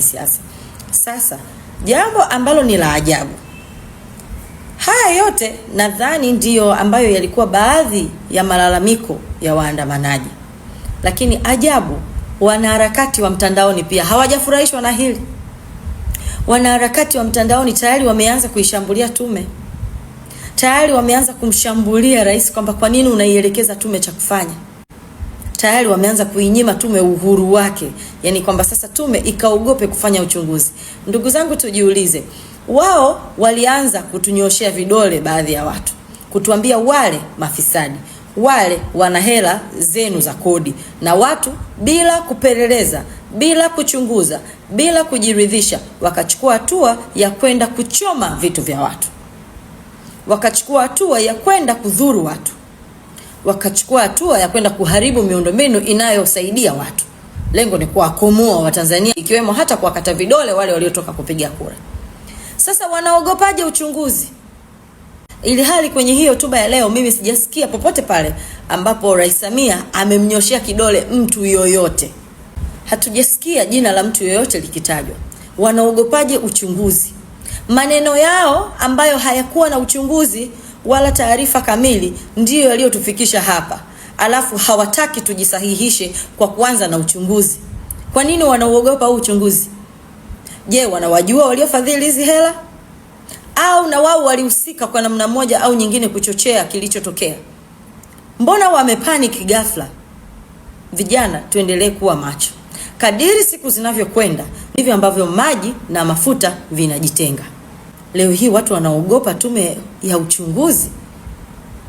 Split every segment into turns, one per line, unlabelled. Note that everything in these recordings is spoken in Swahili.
kisiasa. Sasa jambo ambalo ni la ajabu, haya yote nadhani ndiyo ambayo yalikuwa baadhi ya malalamiko ya waandamanaji, lakini ajabu, wanaharakati wa mtandaoni pia hawajafurahishwa na hili. Wanaharakati wa mtandaoni tayari wameanza kuishambulia tume, tayari wameanza kumshambulia rais kwamba kwa nini unaielekeza tume cha kufanya tayari wameanza kuinyima tume uhuru wake, yani kwamba sasa tume ikaogope kufanya uchunguzi. Ndugu zangu, tujiulize, wao walianza kutunyoshea vidole baadhi ya watu, kutuambia wale mafisadi wale wana hela zenu za kodi, na watu bila kupeleleza, bila kuchunguza, bila kujiridhisha, wakachukua hatua ya kwenda kuchoma vitu vya watu, wakachukua hatua ya kwenda kudhuru watu wakachukua hatua ya kwenda kuharibu miundombinu inayosaidia watu. Lengo ni kuwakomoa Watanzania, ikiwemo hata kuwakata vidole wale waliotoka kupiga kura. Sasa wanaogopaje uchunguzi, ili hali kwenye hii hotuba ya leo mimi sijasikia popote pale ambapo Rais Samia amemnyoshea kidole mtu yoyote. Hatujasikia jina la mtu yoyote likitajwa. Wanaogopaje uchunguzi? Maneno yao ambayo hayakuwa na uchunguzi wala taarifa kamili ndiyo yaliyotufikisha hapa, alafu hawataki tujisahihishe kwa kuanza na uchunguzi. Kwa nini wanauogopa huu uchunguzi? Je, wanawajua waliofadhili hizi hela au na wao walihusika kwa namna moja au nyingine kuchochea kilichotokea? Mbona wamepanic ghafla? Vijana, tuendelee kuwa macho. Kadiri siku zinavyokwenda ndivyo ambavyo maji na mafuta vinajitenga. Leo hii watu wanaogopa tume ya uchunguzi,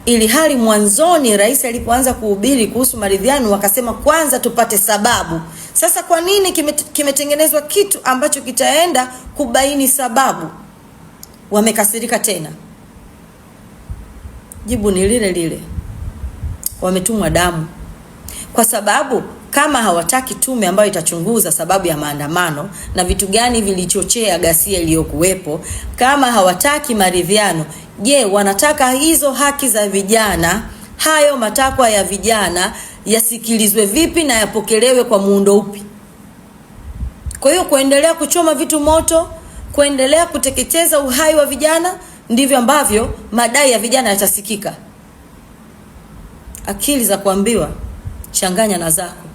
ili hali mwanzoni rais alipoanza kuhubiri kuhusu maridhiano wakasema kwanza tupate sababu. Sasa kwa nini kimetengenezwa kitu ambacho kitaenda kubaini sababu? Wamekasirika tena, jibu ni lile lile, wametumwa damu, kwa sababu kama hawataki tume ambayo itachunguza sababu ya maandamano na vitu gani vilichochea ghasia iliyokuwepo, kama hawataki maridhiano, je, wanataka hizo haki za vijana, hayo matakwa ya vijana yasikilizwe vipi na yapokelewe kwa muundo upi? Kwa hiyo kuendelea kuchoma vitu moto, kuendelea kuteketeza uhai wa vijana, ndivyo ambavyo madai ya vijana yatasikika. Akili za kuambiwa changanya na zako.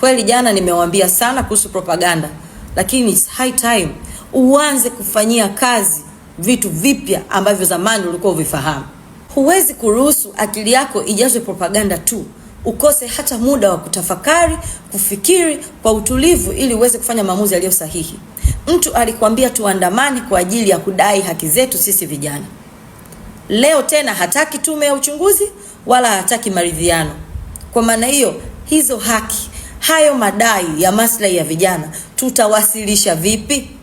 Kweli jana nimewaambia sana kuhusu propaganda, lakini it's high time uanze kufanyia kazi vitu vipya ambavyo zamani ulikuwa uvifahamu. Huwezi kuruhusu akili yako ijazwe propaganda tu ukose hata muda wa kutafakari, kufikiri kwa utulivu ili uweze kufanya maamuzi yaliyo sahihi. Mtu alikwambia tuandamani kwa ajili ya kudai haki zetu sisi vijana. Leo tena hataki tume ya uchunguzi wala hataki maridhiano. Kwa maana hiyo, hizo haki hayo madai ya maslahi ya vijana tutawasilisha vipi?